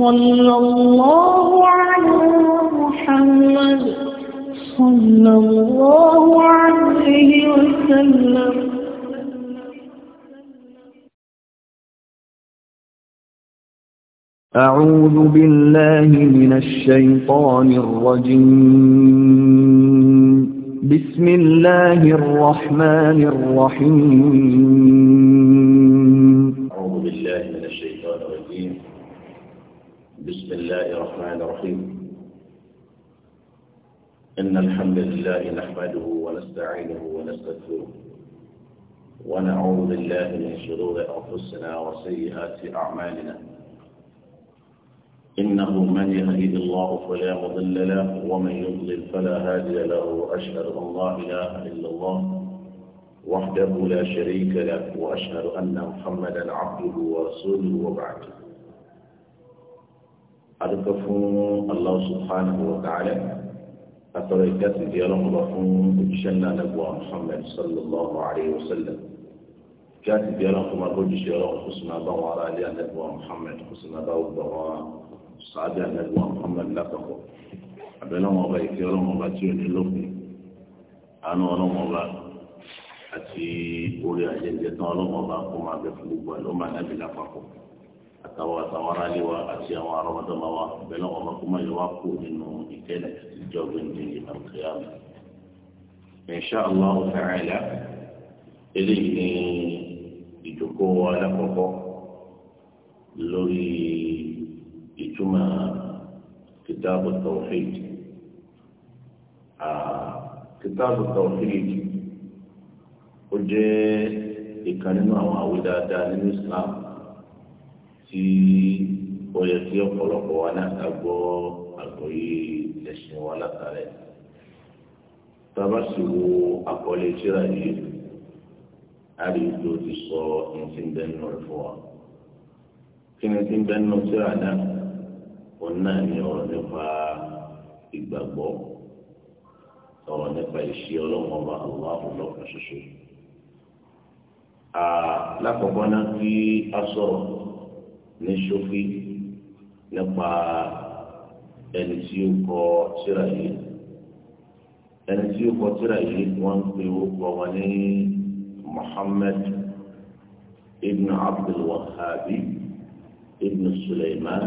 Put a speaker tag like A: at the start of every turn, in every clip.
A: صلى الله على محمد صلى الله عليه وسلم أعوذ بالله من الشيطان الرجيم بسم الله الرحمن الرحيم الله الرحمن الرحيم إن الحمد لله نحمده ونستعينه ونستغفره ونعوذ بالله من شرور أنفسنا وسيئات أعمالنا إنه من يهدي الله فلا مضل له ومن يضلل فلا هادي له وأشهد أن لا إله إلا الله وحده لا شريك له وأشهد أن محمدا عبده ورسوله وبعده adúgbò fún Allah subhanahu wa ta'ala àtọ̀rọ̀ ìdásí di ọlọ́mọba fún òjíṣẹ́ ńlá nàbọ̀ Muhammad sallallahu alayhi wa sallam kí á ti di ọlọ́mọba bójúṣe ọlọ́mọba kó sì máa bá wọn ará ilé àdàbọ̀ Muhammad kó sì máa bá wọn bọ̀ wọn sàádé àdàbọ̀ Muhammad tí ò ní lópin àánú ọlọ́mọba àti orí àjẹjẹ tán ọlọ́mọba kó máa bẹ fún gbogbo àlọ́mọ àtàwọn àtàwọn aráàlú wa àti àwọn arọ́mọdọ́mọ wa bẹ́ẹ̀ náà wọn máa kó máa yọ wá kó nínú ìkẹ́ ìjọ gbẹ̀ǹdé àlùkìyàmù. Insha Allah ta'ala eléyìí ni ìjókòó alákọ̀ọ́kọ́ lórí ìtumọ̀ kitabu tawhid kitabu tawhid ó jẹ́ ìkan àwọn àwí nínú Islam tí ó yẹ kí ọ̀pọ̀lọpọ̀ wa náà ká gbọ́ àgbọ́yé ẹ̀sìn wa látàrẹ. Bàbá sì wo àkọlé ìṣẹ́ra yìí, a tó ti sọ ẹ̀sìn bẹ́ẹ̀nù rẹ̀ fún wa. Kí ni ẹ̀sìn bẹ́ẹ̀nù ìṣẹ́ra náà? Òun náà ní ọ̀rọ̀ nípa ìgbàgbọ́, ọ̀rọ̀ nípa ìṣe ọlọ́run ọba àwọn àbúrò ṣoṣo. Àà náà kí a sọ̀rọ̀. ní ṣókí nípa ẹni tí ó kọ síra yìí ẹni tí ó kọ síra yìí wọ́n ń pè ó kọ wọn ní muhammed ibn abdulwahabi ibn suleiman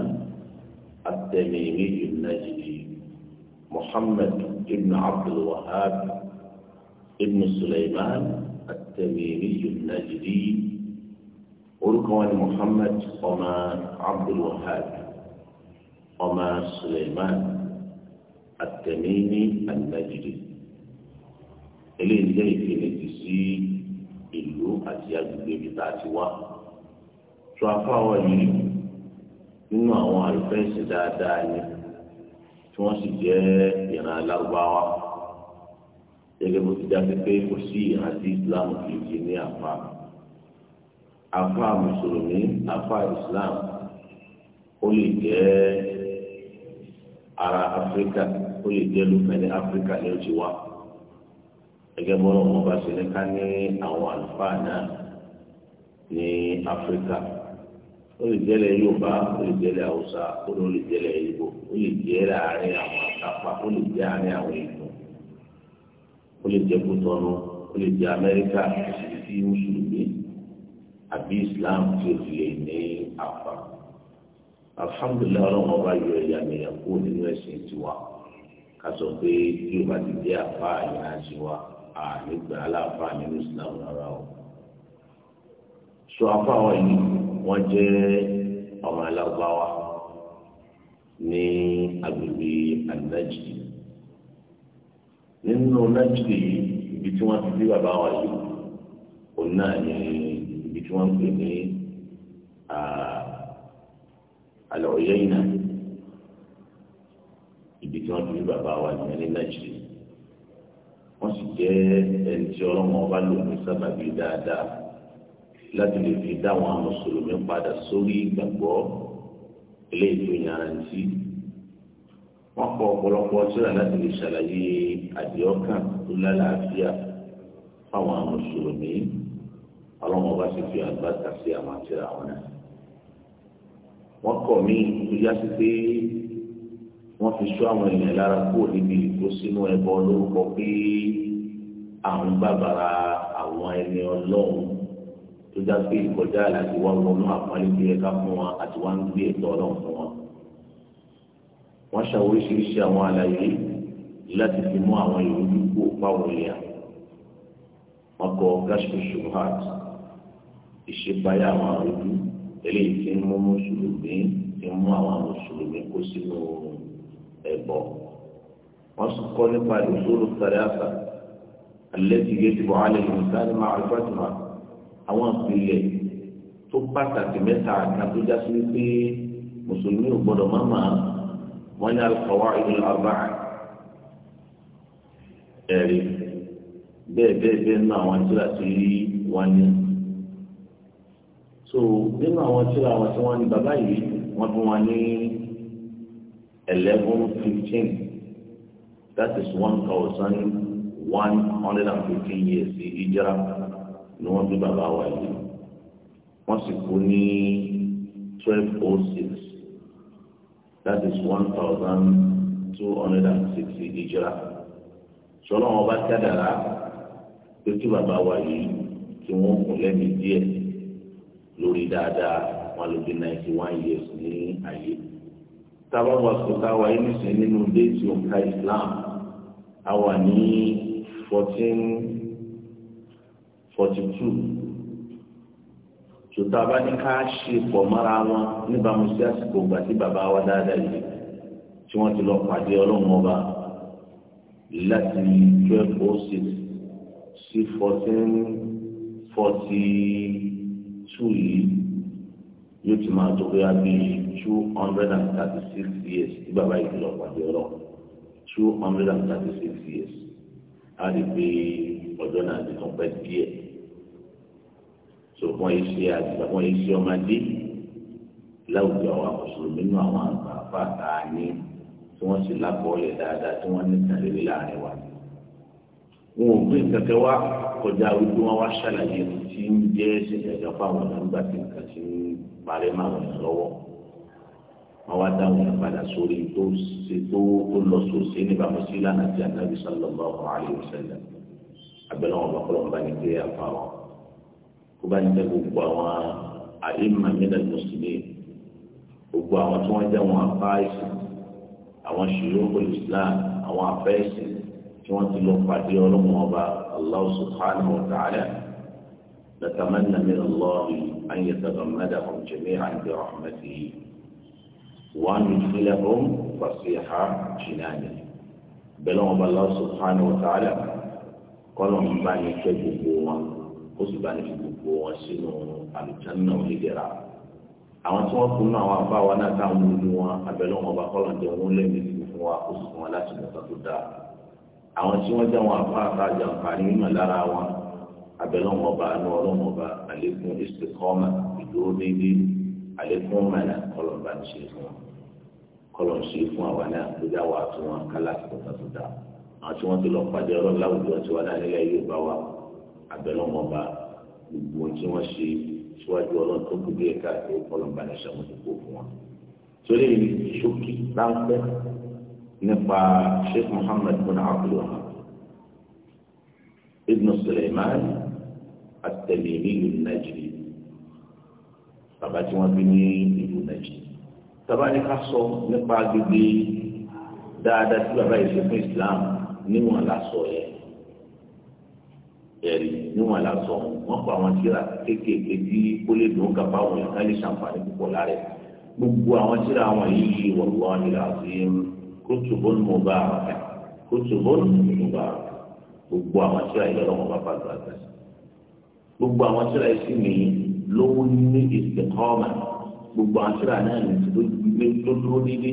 A: at-Tamimi an-Najdi ibn abdulwahabi ibn suleiman at-Tamimi an orúkọ wọn ni Muhammad ọmọ Abdul Wahab ọmọ Suleiman atẹmíní alinajiri eléyìí jẹ́ ìpele ti sí ìlú àti agbègbè ibi tá a ti wá tó afáwọ yìí nínú àwọn àlùfẹ́ǹsì dáadáa ni tí wọ́n sì jẹ́ ìran alárúbáwá gẹ́gẹ́ bó ti dá pé kò sí ìran tí Islam kì di ní àpapọ̀. afa musulumi afa islam o lè o ara áfíríkà ó lè jẹ́ lókèlè áfíríkà ni ó ti wá gẹ́gẹ́ bọ́lá wọn bá ṣe ní ká ní àwọn àlùfáà náà ní áfíríkà ó lè jẹ́lẹ̀ yorùbá ó lè o haúsá ó lè jẹ́lẹ̀ ìgbò o lè jẹ́ láàrin àwọn akapa àárín àwọn àbí islam tí o fi lè ní àpá alhamdulilayi ọlọ́run ọba yọ ẹ̀yà mẹ́yàn kúrò nínú ẹ̀sìn tiwa ká sọ pé bí o bá ti dé àpá àyàn àti wa àní gbà á láàpá nínú islam rárá o sọ àpá wa yìí wọ́n jẹ́ ọmọ alágbáwa ní agbègbè anájì nínú anájì ibi tí wọ́n ti bí bàbá wa yìí òun náà ní ibi tí wọ́n ń pè ní àlọ́ọ̀yẹ́ ìnà ibi tí wọ́n ti ní bàbá wa ìyẹn ní nàìjíríà wọ́n sì jẹ́ ẹni tí ọlọ́mọ ọba lò ní sábàbí dáadáa láti lè fi dá àwọn mùsùlùmí padà sórí ìgbàgbọ́ eléyìí tó yanrantí wọ́n kọ ọ̀pọ̀lọpọ̀ síra láti lè ṣàlàyé àdìọ́kàn tó lálàáfíà fáwọn mùsùlùmí ọlọ́mọ bá ṣe fi àgbàtà sí àwọn àti àwọn náà wọ́n kọ̀ mí tó yá sí pé wọ́n fi sọ àwọn èèyàn lára kúrò níbi ìkó sínú ẹbọ lórúkọ pé àwọn bàbára àwọn ẹni ọlọ́run tó já pé ìkọjá láti wá wọnú àpọ́nlé bí ẹ̀ka fún wọn àti wá ń gbé ẹ̀tọ́ ọlọ́run fún wọn. wọ́n ṣe oríṣiríṣi àwọn àlàyé láti fi mú àwọn ìrújú kó pàwọ̀ ìyá. wọ́n kọ gáṣíṣù hàt ìṣèpáyà àwọn àrùjú eléyìí tí ń mú mùsùlùmí tí ń mú àwọn mùsùlùmí kó sínú ẹbọ wọn sì kọ́ nípa ìṣòro sàdáàfà alẹ́tì yẹtìbọ̀ alẹ́ ìmùsàlẹ̀ máa àlùfáàtìmá àwọn ìpìlẹ̀ tó pàtàkì mẹ́ta àtàkùjá sí pé mùsùlùmí ò gbọ́dọ̀ má máa wọ́n ní alùpàwọ́ ìlú àbáà ẹ̀rí bẹ́ẹ̀ bẹ́ẹ̀ bẹ́ẹ̀ náà àwọn ìṣúra ti rí wọn ní so nínú àwọn tíra wọn tí wọ́n ní bàbá yìí wọ́n fún wọn ní eleven fifteen that is one thousand one hundred and fifteen years sí ìjìrá ni wọ́n bí bàbá wa yìí wọ́n sì kú ní twelve oh six that is one thousand two hundred and sixty ìjìrá sọlọ́wọ́n bá kádàrá pé kí bàbá wa yìí kí wọ́n kún lẹ́mìí díẹ̀ dáadáa wọn lò dé ninety one years ní ayé tábà wà sọ̀tà wà yìí nìsín nínú déètì òǹkà Islam a wà ní fourteen forty two tòtò àbá ṣe pọ̀ mọ́ra wọn níbàámu sí àsìkò ìgbà tí bàbá wa dáadáa yìí tí wọ́n ti lọ pàdé ọlọ́run ọba láti twelve oh six sí fourteen forty two yìí yóò ti máa tó bóyá bíi two hundred and thirty six years tí bàbá yìí lọ pàdé ọlọ two hundred and thirty six years á lè pé ọjọ́ náà ti tún pẹ́ díẹ̀ ṣùgbọ́n iṣẹ́ àgbà wọn iṣẹ́ ọmọdé láwùjọ àwọn mùsùlùmí nínú àwọn àgbà àfáà tá a ní tí wọ́n sì lápò ọ̀lẹ̀ dáadáa tí wọ́n ní tàlẹ́lẹ́ láàrin wa wọn ò gbé nǹkan kan wá kọjá wípé wọn wá ṣàlàyé tí ń jẹ ẹsẹ ìjọba fáwọn nígbà tí nǹkan ti ń parẹ́ máa wọn lọ́wọ́ wọn wá dá wọn padà sórí tó ṣe tó tó lọ sòṣè níbàámu sí lánàá tí anábì sallallahu alaihi wasallam abẹ́lẹ́ wọn bàkúrò wọn bá ní pé àfa wọn kó bá ní pé gbogbo àwọn àìmà mílẹ̀ mùsùlùmí gbogbo àwọn tí wọ́n jẹ́ wọn afá ẹ̀sìn àwọn ṣùgbọ́n olùsílám àwọn afẹ́ ẹ̀sìn tí wọ́n ti lọ pàdé ọlọ́run ọba allah subhanahu wa ta'ala natamanna min allah an yataghammadahum jami'an bi rahmatihi wa an yudkhilahum fasiha jinanihi bẹ́ẹ̀ wọn bá allah subhanahu wa ta'ala kọ́nà ń bá ní kẹ́ gbogbo wọn ó sì bá ní fi gbogbo wọn sínú àlùjánnà onídẹ̀ra àwọn tí wọ́n kú náà àwọn afáwa náà táwọn olùdó wọn abẹ́lẹ́ wọn bá kọ́nà jẹun lẹ́mìí fún wa ó sì fún wọn láti mọ̀ta tó dáa àwọn tí wọ́n jẹ́ wọn àfa àtàjà nǹkanì mímọ̀ lára wọn abẹ́lọ́wọ́n ọba anú ọlọ́wọ́n ọba àlékún ìsìkọ́mà ìdúró déédé àlékún mẹ́lá kọlọ̀mbà ń ṣe fún wọn kọlọ̀ ń ṣe fún àwa náà tó dá wa tó wọn kálá tó tó dá àwọn tí wọ́n ti lọ pàdé ọlọ́run láwùjọ tí wọ́n dá nílẹ̀ yóò bá wa abẹ́lọ́wọ́n ọba gbogbo tí wọ́n ṣe síwájú ọlọ́run tó kú bí ẹ̀ka àti kọlọ̀mbà ń ṣàmójútó fún wọn. torí ìṣókí láńpẹ́ nípa sheikh muhammad bin abdulwahab ibn suleiman atẹlẹmí ìlú nàìjíríà bàbá tí wọn bí ní ìlú nàìjíríà bàbá ní ká sọ nípa gbogbo dáadáa tí bàbá yìí ṣe fún islam níwọ̀n lásọ yẹn ẹ̀rí níwọ̀n lásọ wọn kọ àwọn tíra kéékèèké tí kólé dùn ká báwọn yẹn ká lè ṣàǹfààní púpọ̀ lára gbogbo àwọn tíra àwọn yìí wọ̀lúwọ́n nílò àti yẹn kutubun mubarakah kutubun mubarakah gbogbo àwọn tíra yìí lọ́wọ́ bá pàtó àtàsí gbogbo àwọn tíra yìí sì ní lówó ní istiqama gbogbo àwọn tíra náà ní ló dúró dídí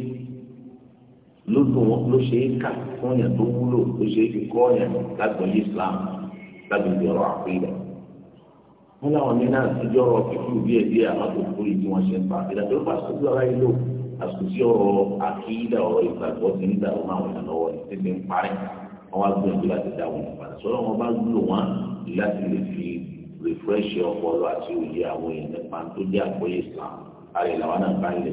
A: ló dùn wọn ló ṣe é kà fún yàn tó wúlò ló ṣe é fi kọ́ yàn lágbọ̀n Islam lágbègbè ọ̀rọ̀ àpéyà wọn làwọn ní náà ti jọrọ fífi òbí ẹ̀ bí àwọn tó kórìí tí wọ́n ṣe ń pa àpéyà tó bá sọ́dọ̀ ara yìí lóko àtúntí ọ̀rọ̀ àkíyídà ọ̀rọ̀ ìgbàgbọ́ ti ń dà wọn àwọn èèyàn lọ́wọ́ ní títí ń parí wọn wá gbìyànjú láti dá wọn padà sọ́dọ̀ wọn bá lò wọn láti lè fi rìfírẹ́ṣì ọpọlọ àti òye àwọn èèyàn nípa tó jẹ́ àgbọ́yé Islam àrè làwọn náà bá lè.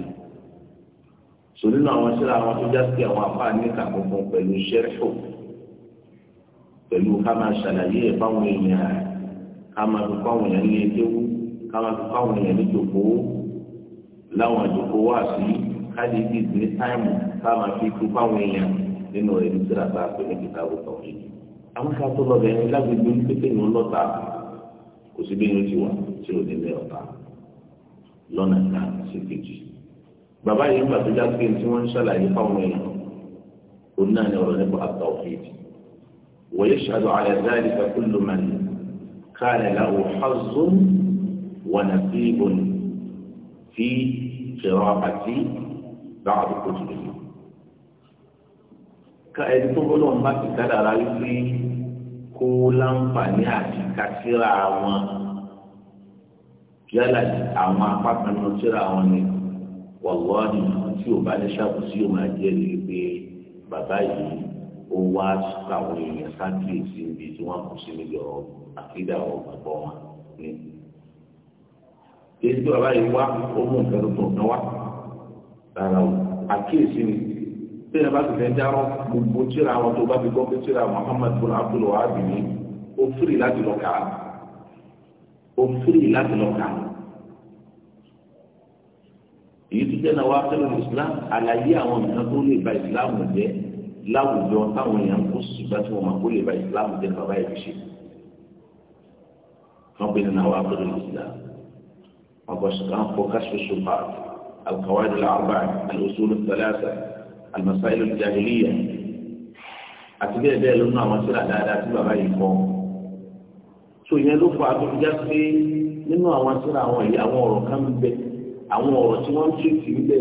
A: sọ nínú àwọn síra àwọn tó já sí àwọn afá níta kankan pẹ̀lú ṣẹ́fù pẹ̀lú ká máa ṣàlàyé ẹ̀ fáwọn èèyàn ká máa fi fáwọn èèyàn ní ẹjẹ́ wú ká máa fi fáwọn èèyàn ní jòkó láwọn àjòkó wá sí i káàdì ìdí ní táìmù táwọn fi kú fáwọn èèyàn nínú rẹ̀ ní síra tá a pè ní kìtàbù tọ̀hún yìí. àwọn ká tó lọ́bẹ̀ ẹni lágbègbè ní pépé ní ọlọ́ta kò sí bí inú ti wà tí ò ní lẹ́ ọ̀tá lọ́nà ká sí kejì. bàbá yìí ń gbàtọ́jà pé tí wọ́n ń ṣàlàyé fáwọn èèyàn òun náà ni ọ̀rọ̀ nípa àtọ̀hìn ويشهد على ذلك كل من كان له láwọn àdúgbò tó lè ká ẹni tó gbọ́dọ̀ ń bá ti dáadáa wípé kó láǹfààní àti kásíra wọn yálà àwọn apá kan náà síra wọn ni wàlúwàdì tí ò bá ní ṣàkóso yóò máa jẹ́ rí pé bàbá yìí ó wá àwọn èèyàn sákìlìsì níbi tí wọ́n kù sí níbi ọ̀rọ̀ àkídà ọ̀rọ̀ wọn ni. èyí tí bàbá yìí wá ó mú nǹkan tó tó nǹkan wá rárá o àkíyèsí ni tí ẹ bá ti fẹ́ dárọ́ gbogbo tíra àwọn tó bá fi gbọ́ pé tíra Muhammad bin Abdul Wahab ni ó firi láti lọ kà á ó firi láti lọ kà á èyí tó jẹ́ náà wá fẹ́ràn Islam àlàyé àwọn nǹkan tó lè ba Islam jẹ́ láwùjọ táwọn èèyàn kó ṣùgbọ́n tí wọ́n máa kó lè ba Islam jẹ́ bàbá yìí fi ṣe wọ́n gbé nínú àwọn abúlé Islam wọ́n kọ́ ṣùgbọ́n kó káṣíṣù pààrọ̀. القواعد الأربعة الأصول الثلاثة المسائل الجاهلية àti bẹ́ẹ̀ bẹ́ẹ̀ lọ́nà àwọn sílà dáadáa tí bàbá yìí kọ́ so ìyẹn ló fa àtúnjá pé nínú àwọn sílà àwọn yìí àwọn ọ̀rọ̀ kan ń bẹ àwọn ọ̀rọ̀ tí wọ́n ń tún ti ń bẹ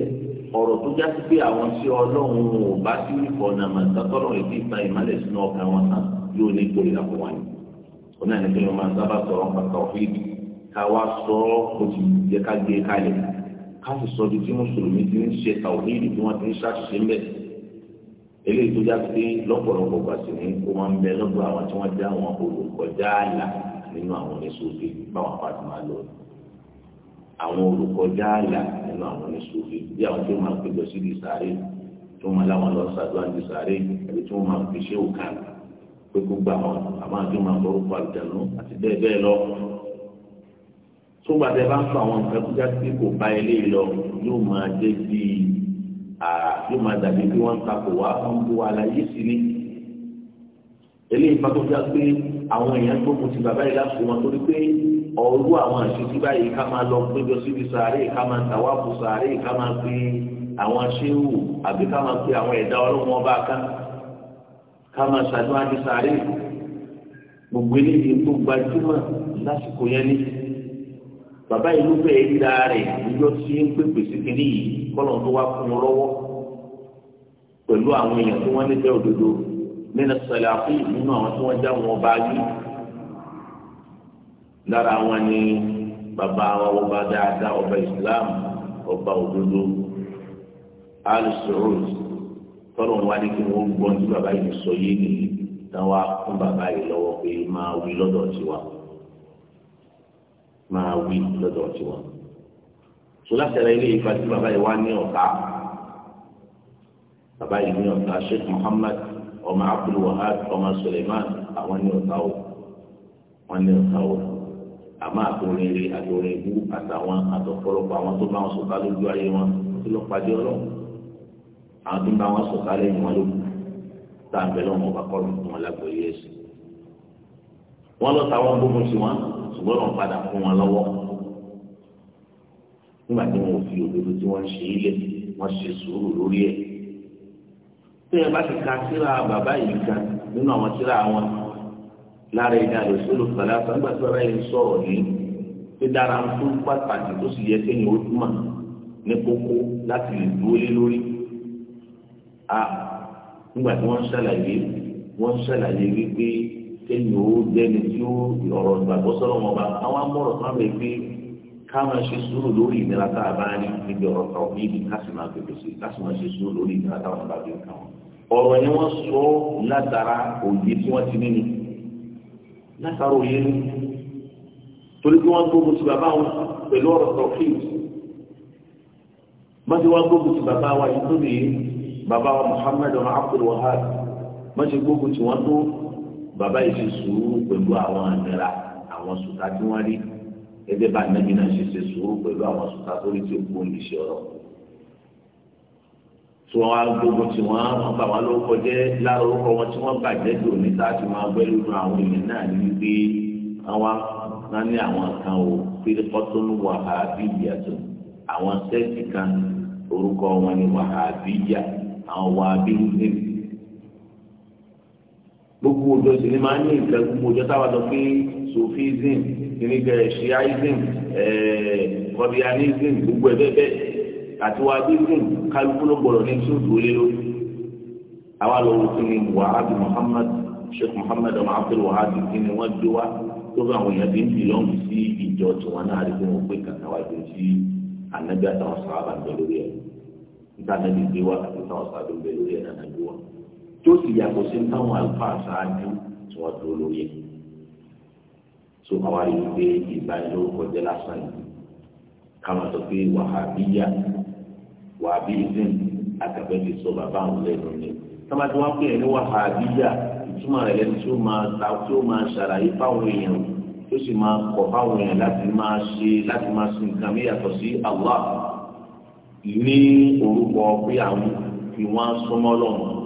A: ọ̀rọ̀ tó já sí pé àwọn tí ọlọ́run ò bá sí ìfọ̀nà màtátọ́rọ̀ ètí ìta ìmọ̀lẹ̀ sínú ọkàn wọn náà yóò ní ìgbòrè àpò wọn òun náà ní pé wọn máa sábà sọ̀rọ̀ pàtàkì ká wá sọ ó ti jẹ́ ká gbé kalẹ̀ káàsì sọdún tí mùsùlùmí ti ń ṣe tàwíìdì tí wọ́n ti ń ṣàṣìṣe mbẹ́ eléyìí tó já pé lọ́pọ̀lọpọ̀ gbà sí ni ó máa ń bẹ lọ́dọ̀ àwọn tí wọ́n já àwọn olùkọjá àlà nínú àwọn oníṣòfin báwọn apáti máa lọ àwọn olùkọjá àlà nínú àwọn oníṣòfin bí àwọn tó máa péjọ sí di sàárè tó máa láwọn lọ sàdúrà di sàárè àbí tó máa fi ṣé òkà pé kó gbà wọn àbá tó máa lọ orúkọ àlùjánu àti bẹ́ẹ̀ bẹ́ẹ̀ lọ tó gbàdé bá ń fa àwọn nǹkan tó já sí kò bá ilé lọ yóò máa jẹ́ bí yóò máa dàbí bí wọ́n ń takò wá ń bó aláyé sí ni eléyìí bá tó já pé àwọn èèyàn tó mu ti bàbá yìí lásìkò wọn torí pé ọ̀rọ̀ àwọn àṣetí báyìí ká máa lọ péjọ síbi sàárè ká máa tàwa fún sàárè ká máa pe àwọn aṣéwù àbí ká máa pe àwọn ẹ̀dá ọlọ́wọ́n bá ká ká máa ṣàdúrà ní sàárè gbogbo eléyìí tó gbajúmọ̀ lásìkò yẹn ní bàbá ìlú bẹ́ẹ̀ ríra rẹ̀ ìjọ tí ń pè pèsè kiri yìí kọ́lọ̀ tó wá fún wọn lọ́wọ́ pẹ̀lú àwọn èèyàn tí wọ́n ní bẹ́ẹ̀ òdodo nínú sọ̀lá fún nínú àwọn tí wọ́n já wọn bá yí lára wọn ni bàbá wa ọba dáadáa ọba ìsìlámù ọba òdodo alùsùrù kọ́lọ̀ wá ní kí wọ́n gbọ́n tí bàbá yìí sọ yé nìyí táwa fún bàbá yìí lọ́wọ́ pé máa wí lọ́dọ̀ tiwa máa wí lọ́dọ̀ tiwọn. sọlásẹ̀rẹ̀ ilé ìfà tí bàbá yìí wá ní ọ̀tá bàbá yìí ní ọ̀tá Sheikh Muhammad ọmọ Abdul Wahab ọmọ Suleiman àwọn ní ọ̀tá o wọn ní ọ̀tá o àmọ́ àtòrin eré àtòrin ibú àtàwọn àtọ̀pọ̀lọpọ̀ àwọn tó bá wọn sọ̀tá lójú ayé wọn tí ló padì ọ̀rọ̀ àwọn tó bá wọn sọ̀tá lẹ́yìn wọn ló kù tá à ń bẹ lọ́wọ́ wọn lágbo ilé wọ́n lọ sáwọn gbógun sí wọn ṣùgbọ́n wọn padà fún wọn lọ́wọ́ nígbà tí wọn ò fi òdodo tí wọ́n ṣe ilé wọ́n ṣe sùúrù lórí ẹ̀ tí ẹ bá ti ka síra bàbá yìí kan nínú àwọn síra wọn lára ìdá rẹ̀ sólù fàlàfà nígbà tí bàbá yìí sọ̀rọ̀ yìí pé dára ń fún pàtàkì tó sì yẹ kéèyàn ó túmọ̀ ní kókó láti lè dúró lórí a nígbà tí wọ́n ń ṣàlàyé wọ́n ṣàlàyé wípé. kéèyàn ó jẹ́ni tí ó ọ̀rọ̀ ìgbàgbọ́ wọn bá àwọn amọ̀rọ̀ kan lè fi ká máa ṣe sùúrù lórí ìnira tá a bá ní níbi ọ̀rọ̀ kan níbi máa pèpè sí máa ṣe sùúrù lórí ìnira bá ọ̀rọ̀ wọ́n sọ látara òye tí wọ́n ti níni látara òye torí pé wọ́n gbógun ti wa yìí tó nìyí Muhammadu Abdul Wahab gbógun ti bàbá yìí ṣe sùúrù pẹ̀lú àwọn àmìlà àwọn sùtà tí wọ́n rí gẹ́gẹ́ bá nàbí náà ṣe ṣe sùúrù pẹ̀lú àwọn sùtà tó rí tí ó kún lè ṣe ọ̀rọ̀ tí wọ́n á gbogbo tí wọ́n wọ́n bá wọn lórúkọ jẹ́ lára orúkọ wọn tí wọ́n bàjẹ́ dò ní sáàtì máa gbẹ́ lónú àwọn èèyàn náà ní wípé àwọn náà ní àwọn kan ò fíríkọ́tún wàhábíyà tó àwọn sẹ́ẹ̀tì kan àwọn wàhábíyà gbogbo ọjọ́ ìsinmi máa ń ní ìfẹ́ gbogbo ọjọ́ táwa lọ pé sofism ìrìnkẹ shiaism eh, kọbianism gbogbo ẹgbẹ́ àti wàdísm kálukú ló gbọ́dọ̀ ní tí ó lórí àwa lọ wò kíni wàhálà muhammad sheikh muhammad ọmọ abdul wahab kíni wọn gbé wá tó fún àwọn èèyàn bí ń bìlọ́ọ̀mù sí ìjọ tiwọn náà rí fún wọn pé kàkà wá ìjọ sí anabi àtàwọn sàábà ń bẹ lórí ẹ nígbà náà lè gbé wá àti àtàwọn ń bẹ lórí ẹ náà náà gbé wá tó sì yàgò sí táwọn àlùfáà ṣáájú tí wọ́n dúró lórí ẹ̀. tó àwa rí i pé ìbánilórúkọ jẹ́ lásán yìí káwọn sọ pé wàhábíyà wàhábíyìsìn àtàgbẹ́ sọ bàbá àwọn lẹ́nu ni. tábàtí wọ́n pè é ní wàhábíyà ìtumọ̀ rẹ̀ lẹ́nu tí ó máa ta tí ó máa ṣàlàyé fáwọn èèyàn tó sì máa kọ̀ fáwọn èèyàn láti máa ṣe láti máa sin nǹkan mi yàtọ̀ sí Allah ní orúkọ pé àwọn fi wọ́n sọmọ́ lọ́wọ́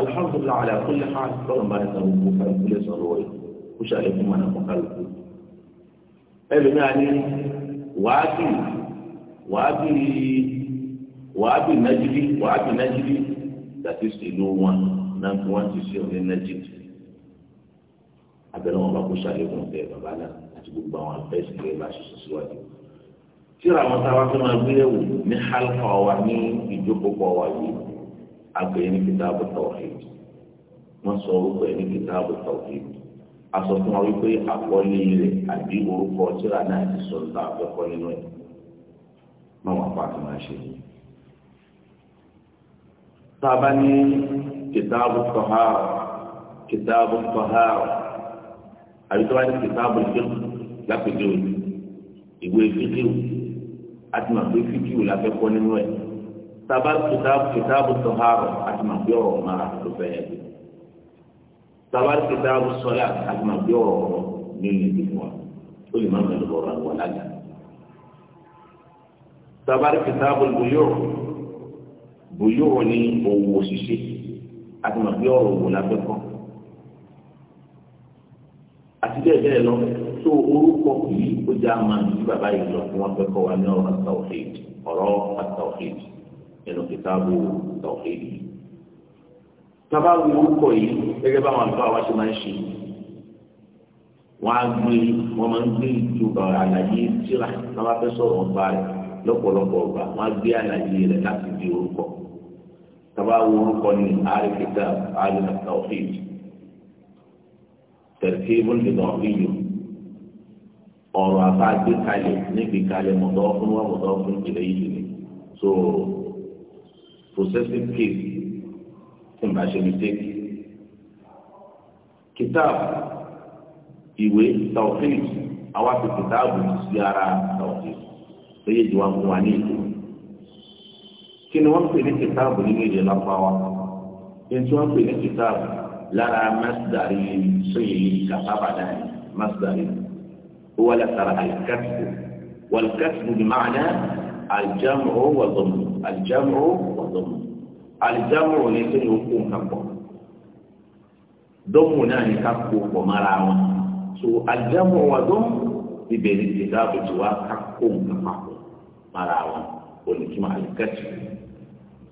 A: alhamdulillah ala kulli hal lọ́rùn bá nìkan gbogbo kálukú lè sọ̀rọ̀ rẹ̀ kó ṣàlékún mọ̀nà fún kálukú. ẹlòmíràn ní wàábì wàábì wàábì nájírí wàábì nájírí dàtí ìlú wọn náà fún wọn ti ṣe òní nájírí. abẹ́rẹ́ wọn bá kó ṣàlékún bẹ́ẹ̀ bàbá náà àti gbogbo àwọn abẹ́sí rẹ̀ bá ṣiṣẹ́ síwájú. tíra àwọn táwa fẹ́ máa gbé yẹ̀wò ní hálfà wa ní ìjókòó wa yìí àgbẹ̀ ní kìtàbù tawhid wọ́n sọ orúkọ ẹ̀ ní tawhid a fún wa wípé àkọlé rẹ̀ àbí orúkọ tíra náà ti sọ nípa àkọ́kọ́ nínú ẹ̀ wà fún ṣe. tá a bá ní àbí tó bá ní ìwé àti nínú ẹ̀. تبر كتاب كتاب الطهارة أجمع بيورو ما رفعه تبر كتاب الصلاة أجمع بيورو نيني تكوان كل ما من البوران ولاجة تبر كتاب البيور بيورني ووسيسي أجمع بيورو ولابكو àti bẹ́ẹ̀ bẹ́ẹ̀ lọ tó orúkọ yìí ó já máa ń bí bàbá yìí lọ fún wọn fẹ́ kọ́ wa ní ọ̀rọ̀ àtàwọ̀ kejì ọ̀rọ̀ àtàwọ̀ kejì. nínú kìtàbù tọ̀hìn. Tábà wo orúkọ yìí gẹ́gẹ́ báwọn àlùfáà wá ṣe máa ń ṣe. Wọ́n á gbé wọ́n máa ń gbé ìjọba àlàyé tíra tábà fẹ́ sọ̀rọ̀ ọba rẹ̀ lọ́pọ̀lọpọ̀ ọba wọ́n á gbé àlàyé rẹ̀ láti di orúkọ. Tábà wo orúkọ ní àárẹ̀ kìtàbù àlùfáà tọ̀hìn. Tẹ̀síwọ́n lè lọ rí yòó ọ̀rọ̀ àbágbé kalẹ̀ níbi kalẹ̀ mọ̀tọ́ fún wa mọ̀tọ́ fún ìlẹ̀ yìí ni so possessive case tí n bá ṣe mistake kitab ìwé tawfid àwa fi kitab sí ara tawfid lóye ìdíwà fún wa ní ìlú kí ni wọ́n pè ní kitab nínú ìdè lápáwá kí ni wọ́n pè ní kitab lára masdari sóyè kàtàbà masdari wọ́n lè tara alikatibu walikatibu ni maana aljamu wa dọ̀mù àlìjámù ọ̀dọ́mù àlìjámù ní kí ló kó nǹkan pọ̀ náà ní ká kó pọ̀ wọn so àlìjámù ọ̀dọ́mù bíbélì ti dáàbò tí wàá ká kó nǹkan papọ̀ mọ́ra wọn olùtúmọ̀ àlìkẹ́tù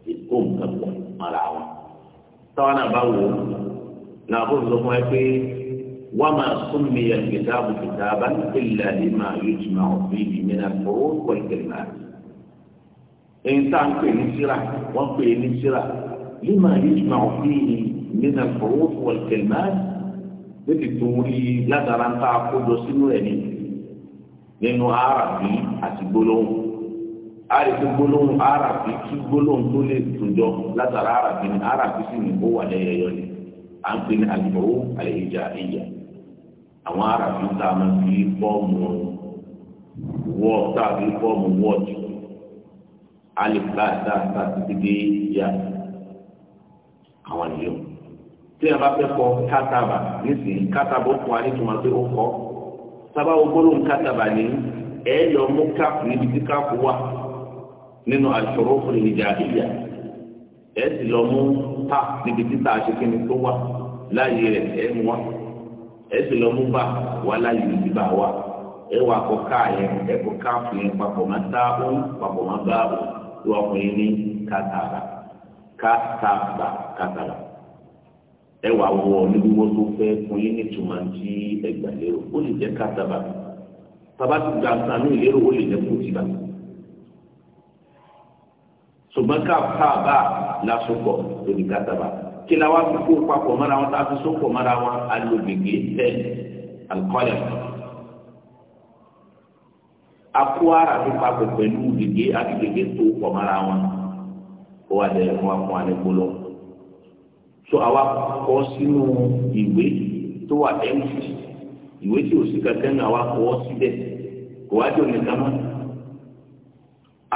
A: ti kó nǹkan pọ̀ mọ́ra wọn táwọn náà bá wò ó náà kó ló fún ẹ pé wọ́n máa sún mi yẹn kìtàbù kìtàbù ilẹ̀ ní màá yóò tún máa fi ìmìnira fọwọ́ pọ̀ ìkẹlẹ́ náà. èyí tá à ń pè ní síra wọ́n pè ní lima yíjùmá òfin nínú ìfowópamọ́ ọ̀tẹ̀lẹ́mà lórí torí ládàra ń tá a sínú ẹ̀ nínú arábí àti gbólóhùn arábí gbólóhùn arábí kí gbólóhùn tó lè ni sì ní wà ni à ń pè ní àwọn tá a máa fi alif bá ta ta títí dé ya àwọn ènìyàn tí a bá fẹ́ kọ kátàbà nísìnyí kátàbà ó fún wa nítorí wọn pé ó kọ sábà ogólóhùn kátàbà ní ẹ yọ mú káàpù níbi tí káàpù wà nínú àṣọrọ fún ìjà ìyá ẹ sì lọ mú tà níbi tí tà ṣe kíni tó wà láàyè rẹ ẹ mú wa ẹ sì lọ mú bá wà láàyè níbi bá wà ẹ wà kọ káà yẹn ẹ kọ káàpù yẹn papọ̀ máa tá òun papọ̀ máa bá òun tó ọkùnrin ní kàtàbà kataba, kataba. ẹ wà wọ onígbogbo tó fẹ́ fún yín nítumọ̀ tí ẹ gbà lérò ó lè jẹ́ kàtàbà bàbá ti gba sànú ìlérò ó lè jẹ́ kó tìbà ṣùgbọ́n kàtàbà lásopọ̀ lórí kàtàbà kí la wá fi kó papọ̀ mọ́ra wọn tá a fi sopọ̀ mọ́ra wọn alògbègbè tẹ alikọ́lẹ̀ akó ara tó papọ̀ pẹ̀lú gègé àti gègé tó pọ̀ mọ́ra wọn kó wà dẹ̀ fún akó alẹ́ gbólọ. so àwa kọ sínú ìwé tó wà empty ìwé tí ò sí kankan ní àwa kọ síbẹ̀ kò wá jọ nìkan mọ́.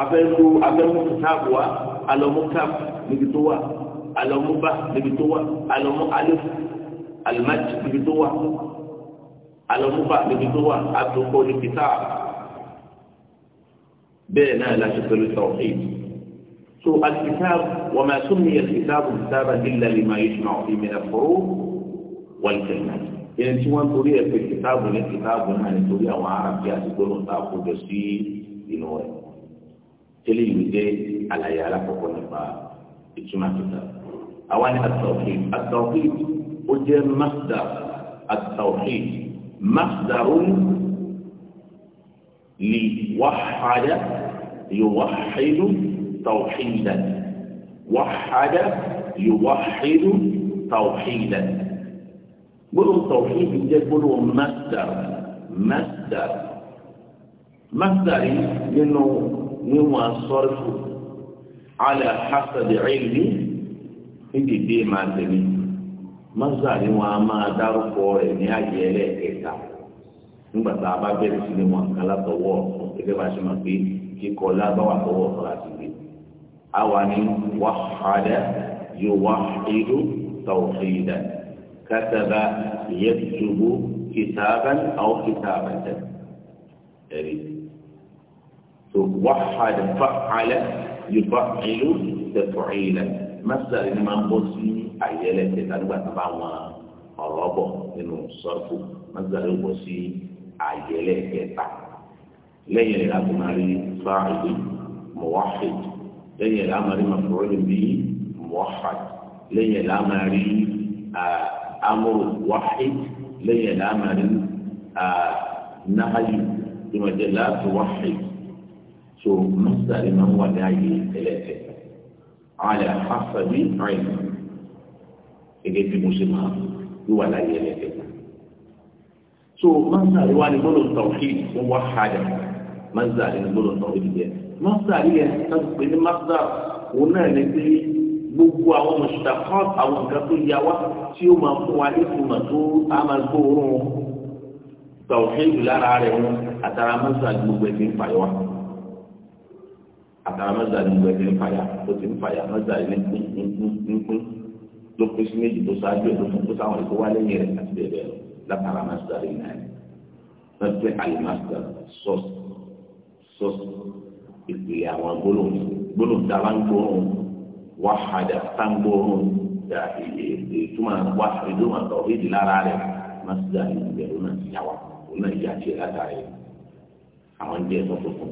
A: afẹ́lu afẹ́mu táàbù wa alọ́mú táàbù níbi tó wà alọ́mú bá níbi tó wà alọ́mú alẹ́fù alimajì níbi tó wà alọ́mú bá níbi tó wà àtòkọ́ níbi táàbù bẹ́ẹ̀ náà láti pẹ̀lú tawhid so alikitab wọ́n máa sún ní alikitab kitaban illa lima yusma fi min al-furu' wal kalimat ẹni tí wọ́n torí ẹ̀ pé kìtàbù ní kìtàbù náà nítorí àwọn arábí àti gbólóhùn tá a kó jọ sí inú rẹ̀ tẹ́lẹ̀ yìí jẹ́ àlàyé alákọ̀ọ́kọ́ nípa ìtumọ̀ kìtàbù àwa ní at-tawhid at-tawhid ó jẹ́ masdar at-tawhid masdarun لوحد يوحد توحيدا وحد يوحد توحيدا بلو التوحيد ده بلو مصدر مصدر مصدر لأنه نوع صرف على حسب علمي níbi دي máa مصدر mọ́sálí wọn a máa dárúkọ rẹ̀ nígbà tá a bá bẹ̀rẹ̀ sí ni wọn kà látọwọ́ gẹ́gẹ́ bá a ṣe máa pé kíkọ lábáwá tọwọ́ ọ̀la ti gbé àwa ni wàhálà yóò wá ìlú tawhida kátàbà yẹtùbù kìtàbà àwọn kìtàbà tẹ ẹ̀rí tó wàhálà fàhálà yóò bá ìlú tẹ̀tọ̀ìlà mẹ́sàlì ni máa ń bọ́ sí àyẹlẹ tẹ̀tà nígbà tá a bá wọn ọ̀rọ̀ bọ̀ nínú sọ́ọ̀fù mẹ́sàlì ń ààyè ẹlẹ́ẹ̀kẹta lẹ́yìn rẹ̀ láti máa rí fáàlì muwahid lẹ́yìn rẹ̀ láti máa rí mafurọ́lù bí muwahad lẹ́yìn rẹ̀ láti máa rí amúrù wahid lẹ́yìn rẹ̀ ìmọ̀jẹ̀ láti wahid so masari máa ń wà ní ààyè ẹlẹ́ẹ̀kẹta àwọn àlẹ́ àfàṣà bí àìmọ̀ gẹ́gẹ́ bí mo ṣe máa wíwà láyé ẹlẹ́ẹ̀kẹta so mọ́sàlì wa ni gbọ́dọ̀ tọ̀kì wọ́n wá hàjà mọ́sàlì ni gbọ́dọ̀ tọ̀kì jẹ́ mọ́sàlì yẹn sọ́dọ̀ pé ní mọ́sàlì òun náà ní pé gbogbo àwọn mùsùlùmí àwọn nǹkan tó yá wa tí ó máa fún wa ní ìtumọ̀ tó a máa gbóòórùn wọn tọ̀kì lára rẹ̀ wọn àtàrà mọ́sàlì gbogbo ẹ̀mí ń fàyọ́ wa àtàrà mọ́sàlì gbogbo ẹ̀mí ń fàyà ó ti ń fàyà mọ́sàlì ní pín ní pín ló pín sí méjì tó ṣáájú ẹ̀ ló fún kó sáwọn ìkó wá lẹ́yìn rẹ̀ àti bẹ́ẹ̀ bẹ́ẹ̀ lọ látara masdari náà ni wọ́n pè alimasdari source source ìpìlẹ̀ àwọn gbólóhùn gbólóhùn tá a bá ń gbóhùn wàhádà tá ń gbóhùn dà ìtumọ̀ wá ìdúmọ̀ tọ̀ ìdí lára rẹ̀ masdari ìbẹ̀rù náà ti yà wá òun náà yà ṣe látara rẹ̀ àwọn jẹ́ ẹ̀sọ́ tuntun.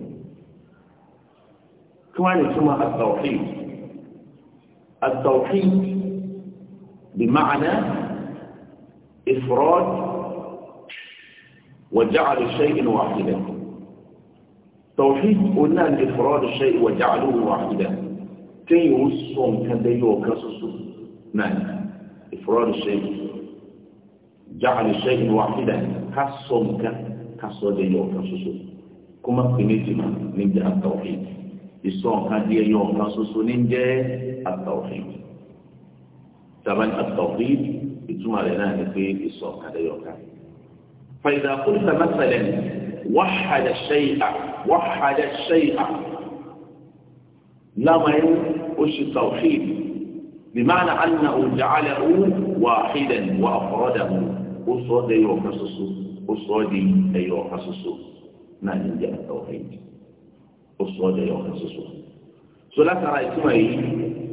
A: kí wọ́n á lè túmọ̀ bí máa إفراد وجعل الشيء واحدا توحيد قلنا إفراد الشيء وجعله واحدا كي يوصهم كديو كسسو معنى نعم. إفراد الشيء جعل الشيء واحدا كسهم كسو ديو كما كنتما من التوحيد يصوم هذه يوم كسسو نجا التوحيد ثمن التوحيد ìtumọ̀ rẹ̀ náà ni pé ìsọ̀ àdéyọ̀ká. فإذا قلت مثلا وحد الشيء وحد الشيء لمن وش التوحيد بمعنى أنه جعله واحدا وأفرده وصاد يوحسس وصاد يوحسس نعم جاء التوحيد وصاد يوحسس سلطة رأيتما